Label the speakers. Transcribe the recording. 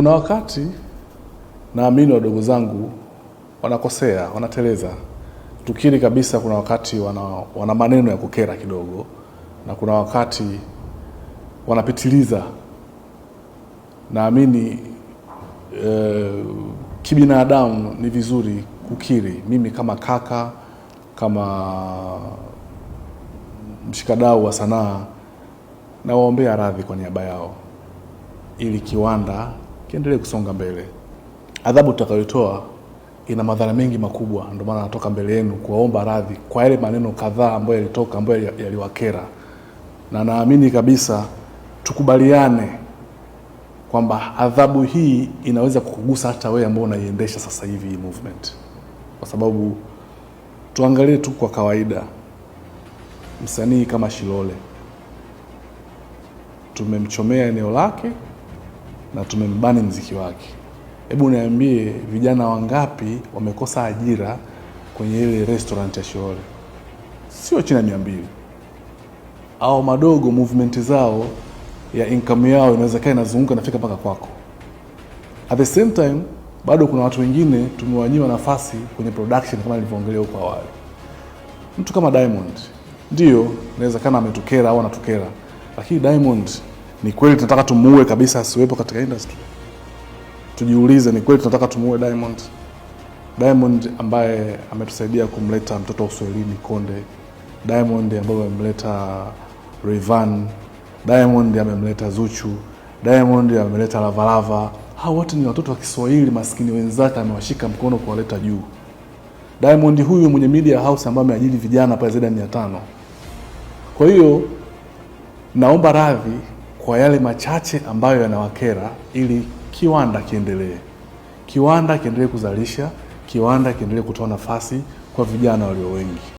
Speaker 1: Kuna wakati naamini wadogo zangu wanakosea, wanateleza. Tukiri kabisa, kuna wakati wana, wana maneno ya kukera kidogo, na kuna wakati wanapitiliza. Naamini e, kibinadamu ni vizuri kukiri. Mimi kama kaka, kama mshikadau wa sanaa, nawaombea radhi kwa niaba yao ili kiwanda kiendelee kusonga mbele. Adhabu utakayotoa ina madhara mengi makubwa, ndio maana natoka mbele yenu kuwaomba radhi kwa yale maneno kadhaa ambayo yalitoka, ambayo yaliwakera, na naamini kabisa tukubaliane kwamba adhabu hii inaweza kukugusa hata wewe ambao unaiendesha sasa hivi hii movement, kwa sababu tuangalie tu kwa kawaida, msanii kama Shilole tumemchomea eneo lake na tumembani mziki wake. Hebu niambie vijana wangapi wamekosa ajira kwenye ile restaurant ya Shilole? Sio chini ya mia mbili. Au madogo movement zao ya income yao inaweza kaa inazunguka inafika mpaka kwako. At the same time bado kuna watu wengine tumewanyima nafasi kwenye production kama nilivyoongelea huko awali. Mtu kama Diamond ndio inawezekana ametukera au anatukera, lakini Diamond ni kweli tunataka tumuue kabisa asiwepo katika industry? Tujiulize, ni kweli tunataka tumuue Diamond? Diamond ambaye ametusaidia kumleta mtoto wa Uswahilini Konde, Diamond ambaye amemleta Rayvanny, Diamond amemleta Zuchu, Diamond ameleta Lavalava. Hao wote ni watoto wa Kiswahili maskini wenzake, amewashika mkono kuwaleta juu. Diamond huyu mwenye media house ambaye ameajili vijana pale zaidi ya 500. Kwa hiyo naomba radhi kwa yale machache ambayo yanawakera, ili kiwanda kiendelee, kiwanda kiendelee kuzalisha, kiwanda kiendelee kutoa nafasi kwa vijana walio wengi.